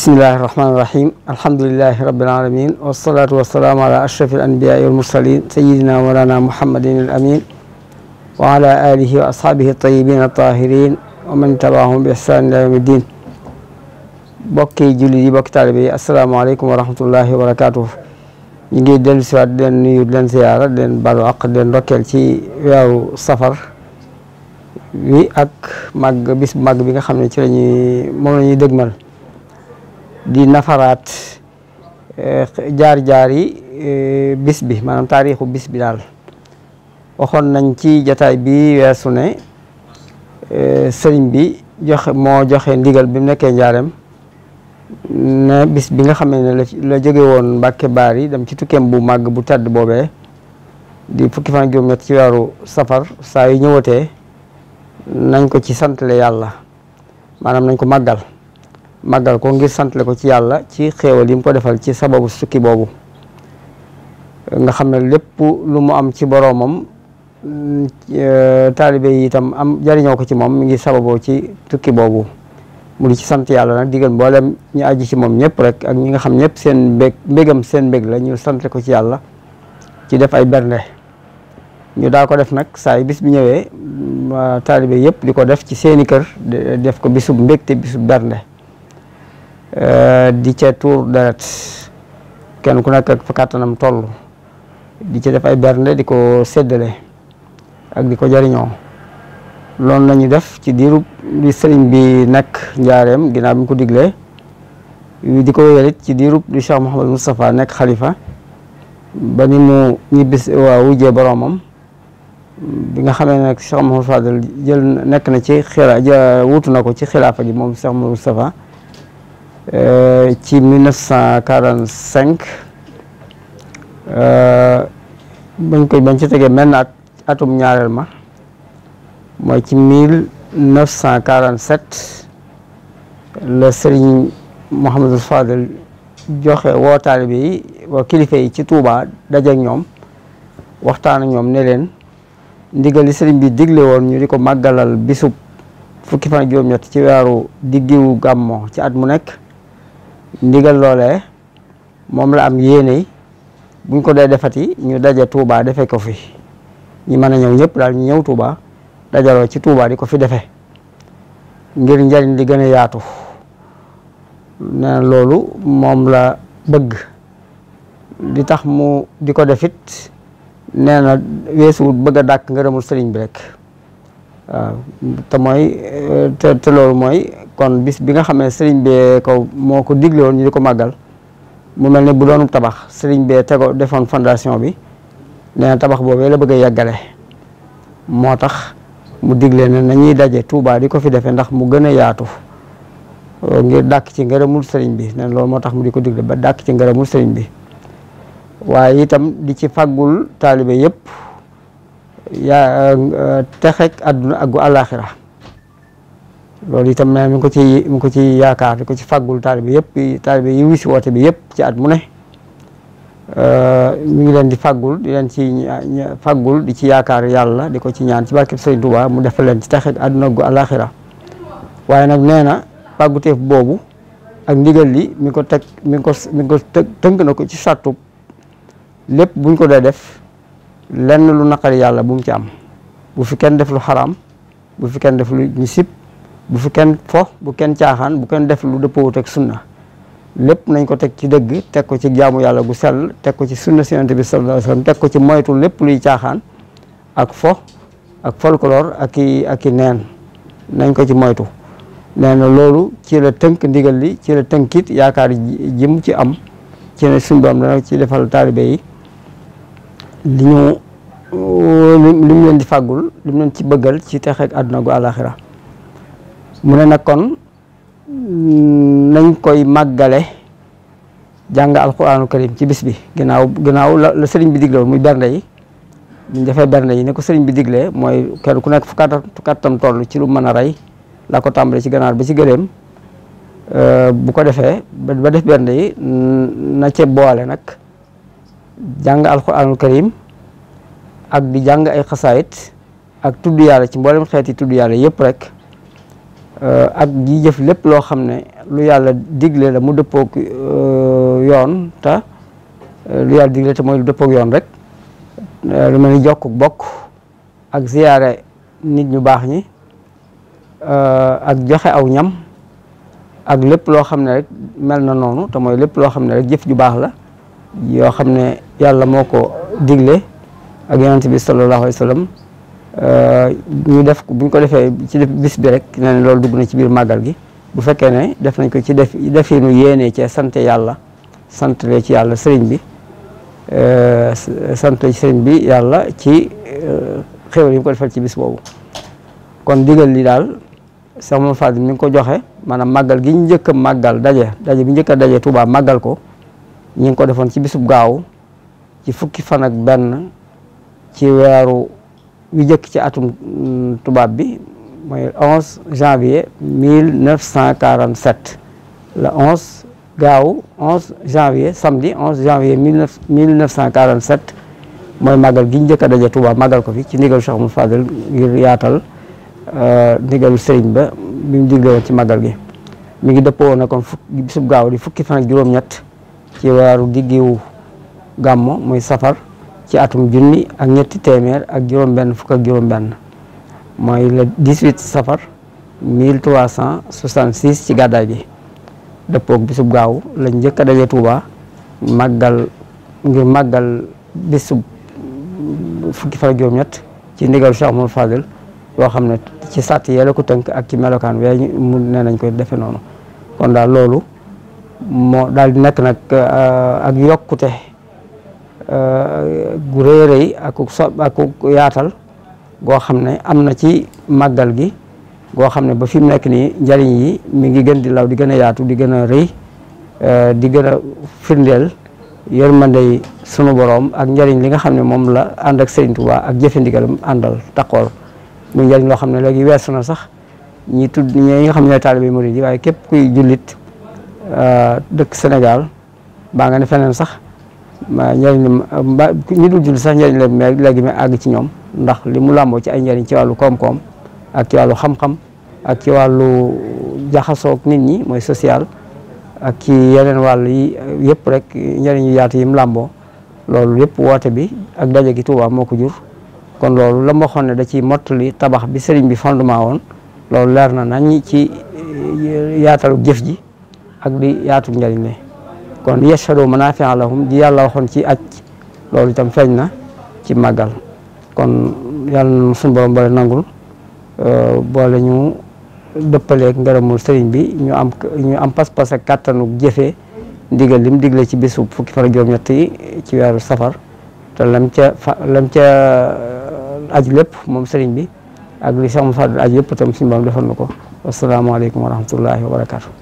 bismillahi irrahmani irrahim alhamdulilahi rabilalamin wasalaatu wasalaamu ala ashrafi alanbiyai walmursalin sayidina mawlana muhammadin alamin wa ala alihi wa asxaabihi altayibin altahirin wa man tabaahum bi ixsaan ila yawmi ddin bokki julli yi bokki taalibe yi asalaamaaleykum wa rahmatullahi wa barakatuh ñu ngi dellu si waat den nuyu den siyaara den balu aq den ndokkeel ci weeru safar wi ak màgg bis màgg bi nga xam ne ci lañuy moom la ñuy dëgmal di nafaraat eh, jaar jaari yi eh, bis bi maanaam taarixu bis bi daal waxoon nañ ci jataay bi weesu ne eh, sëriñ bi joxe moo joxe ndigal bi mu nekkee njaareem ne bis bi nga xam ne la la woon Mbàkke Baar yi dem ci tukkeem bu màgg bu tedd boobee di fukki fan juróom-ñett ci weeru safar saa yu ñëwatee nañ ko ci santale yàlla maanaam nañ ko màggal màggal ko ngir santle ko ci yàlla ci xéewal yi mu ko defal ci sababu sukki boobu nga xam ne lépp lu mu am ci boroomam taalibe yi itam am jariñoo ko ci moom mi ngi sababoo ci tukki boobu mu ci sant yàlla nag digal mboolem ñu aji ci moom ñëpp rek ak ñi nga xam ñëpp seen mbég mbégam seen mbég la ñu sant ko ci yàlla ci def ay bernde ñu daa ko def nag saa yu bis bi ñëwee taalibe yëpp di ko def ci seeni kër def ko bisub mbég te bisub bernde Eh, di ca tuur deret kenn ku nekk ak fa kàttanam toll di ca def ay bernde di ko seddale ak di ko jariñoo lool la def ci diirub li sëriñ bi nekk njaareem ginnaaw bi mu ko diglee di ko wéyalit ci diirub li Cheikh Mouhamad Moustapha nekk xalifa ba ni mu ñibbis waa wujjee boroomam bi nga xamee nag Cheikh Mouhamad Fadal jël nekk na ci xila wuutu na ko ci xilaafa gi moom Cheikh Mouhamad Euh, ci 1945 euh, bañ koy bañ ci tegee mel na at atum ñaareel ma mooy ci 1947 la Serigne Mouhamadou Fadel joxe woo taalibe waa kilifa ci Touba daje ñoom waxtaan ak ñoom ne leen ndigal li sëriñ bi digle woon ñu di ko màggalal bisub fukki fan juróom-ñett ci weeru diggiwu gàmmo ci at mu nekk ndigal loolee moom la am yéene buñ ko dee defati ñu daje Touba defe ko fi ñi mën a ñëw ñëpp daal ñu ñëw Touba dajaloo ci Touba di ko fi defee ngir njariñ di gën a yaatu nee loolu moom la bëgg di tax mu di ko defit nee na weesuwut bëgg a dàkk ngërëmul sëriñ bi rek waaw te mooy te te loolu mooy kon bis bi nga xam ne sëriñ bee ko moo ko digle woon ñu di ko màggal mu mel ne bu doon tabax sëriñ bee tego defoon fondation bi nee tabax boobee la bëgg a yàggale moo tax mu digle ne nañuy daje Touba di ko fi defee ndax mu gën a yaatu ngir dàkk ci ngërëmul sëriñ bi nee na loolu moo tax mu di ko digle ba dàkk ci ngërëmul sëriñ bi waaye itam di ci faggul taalibe yëpp. yaa euh, texek àdduna ak gu àllaaxira loolu itam na mi ngi ko ci mi ngi ko ci yaakaar di ko ci fàggul bi yëpp taalibe yi wisi woote bi yëpp ci at mu ne euh, ngi leen di fàggul di leen ci fàggul di ci yaakaar yàlla di ko ci ñaan ci barkeb Sëriñ mu defal leen ci texek àdduna ak gu waaye nag nee na boobu ak ndigal li mi ngi ko teg mi ngi ko mi ngi ko tënk na ko ci sàttub lépp buñ ko dee def lenn lu naqari yàlla bu mu ci am bu fi kenn def lu xaraam bu fi kenn def lu ñu bu fi kenn fo bu kenn caaxaan bu kenn def lu dëppoowut ak sunna lépp nañ ko teg ci dëgg teg ko ci jaamu yàlla gu sell teg ko ci sunna si yonent bi sallallahu alayhi teg ko ci moytu lépp luy caaxaan ak fo ak folklore ak i ak i neen nañ ko ci moytu nee na loolu ci la tënk ndigal li ci la tënkit yaakaar jim ci am ci ne suñu doom dana ci defal taalibe yi li ñu leen di fàggul li mu leen ci bëggal ci texeeg àdduna gu àlaxira mu ne nag kon mm, nañ koy màggale jàng alquraanu karim ci bis bi ginnaaw ginnaaw la sëriñ bi digle woon muy bernde yi ñu defee bernde yi ne ko sëriñ bi diglee mooy kenn ku nekk fu kattam toll ci lu mën a rey la ko tàmbale ci ganaar ba ci gëléem euh, bu ko defee ba def bernde yi na ca boole nag jàng alxuraanul karim ak di jàng ay xasaayit ak tudd yàlla ci mboolem xeeti tudd yàlla yëpp rek euh, ak di jëf lépp loo xam ne lu yàlla digle la mu dëppoog euh, yoon ta euh, lu yàlla digle te mooy lu dëppoog yoon rek lu mel ni jokkuk bokk ak ziyaare nit ñu baax ñi ak joxe aw ñam ak lépp loo xam ne rek mel na noonu te mooy lépp loo xam ne rek jëf ju baax la yoo xam ne yàlla moo ko digle ak yonent bi sallallahu alayhi wa sallam euh, ñu def bu ñu ko defee ci bis bi rek nee na loolu dugg na ci biir màggal gi bu fekkee ne def nañ ko ci def definu yéene cee sant yàlla sant le ci yàlla sëriñ bi euh, sant ci bi yàlla ci euh, xéwal yi mu ko defal ci bis boobu kon digal li daal sax moom Fadil mi ngi ko joxe maanaam màggal gi ñu njëkk a màggal daje daje bi njëkk a daje Touba màggal ko ñu ngi ko defoon ci bisub gaaw ci fukki fan ak benn ci weeru wi jëkk ci atum mm, tubaab bi mooy 11 janvier 1947 la 11 gaaw 11 janvier samedi 11 janvier 1947 mooy màggal gi ñu njëkk a daje Touba màggal ko fi ci ndigalu Cheikh Mouhamadou Fadel ngir yaatal euh, ndigalu sëriñ ba bi mu digle woon ci màggal gi mi ngi dëppoo woon na kon fukki gaaw di fukki fan juróom-ñett ci weeru diggiwu gàmmo muy safar ci atum junni ak ñetti téeméer ak juróom-benn fukk ak juróom-benn mooy le 18 safar 1366 ci gàddaay bi dëppoog bisub gaaw lañ njëkk a dajee Touba màggal ngir màggal bisub fukki fan juróom-ñett ci ndigal Cheikh moo Fadil yoo xam ne ci sat yee ko tënk ak ci melokaan wee mu ne nañ koy defe noonu kon daal loolu moo daal di nekk nag euh, ak yokkute gu rëy rëy akuk so akuk yaatal goo xam ne am na ci màggal gi goo xam ne ba fi mu nekk nii njariñ yi mi ngi gën di law di gën a yaatu di gën a rëy eh, di gën a firndeel yërmandey sunu boroom ak njariñ li nga xam ne moom la ànd ak Sëriñ Tuubaa ak jëfandigalam àndal taqool muy njariñ loo xam ne léegi weesu na sax ñi tudd ñi nga xam ne ñooy taalibe murid yi waaye képp kuy jullit eh, dëkk senegal baa nga ne feneen sax ma njëriñ ma ñu dul julli sax njëriñ la mais léegi ma àgg ci ñoom ndax li mu làmboo ci ay njëriñ ci wàllu koom-koom ak ci wàllu xam ak ci wàllu jaxasoog nit ñi mooy social ak ci yeneen wàll yi yëpp rek njëriñ yu yaatu yi mu làmboo loolu yëpp woote bi ak daje gi Tuubaa moo ko jur kon loolu la ma waxoon ne da ci mottali tabax bi sëriñ bi fondement woon loolu leer na nañ ci yaatalu jëf ji ak di yaatu njariñ la kon yashhadu manaafi'a lahum ji yàlla waxoon ci aj loolu itam feeñ na ci màggal kon yàlla na suñu borom boole nangul euh, boole ñu dëppaleeg ngërëmul sëriñ bi ñu am ñu am pas-pas ak kàttanu jëfee ndigal lim digle ci bisu fukki fara ak juróom ci weeru safar te lam ca fa lam ca euh, aj lépp moom sëriñ bi ak mu fàddu aj yëpp itam suñu borom defal na ko wasalaamaaleykum wa rahmatullahi wa barakaatu.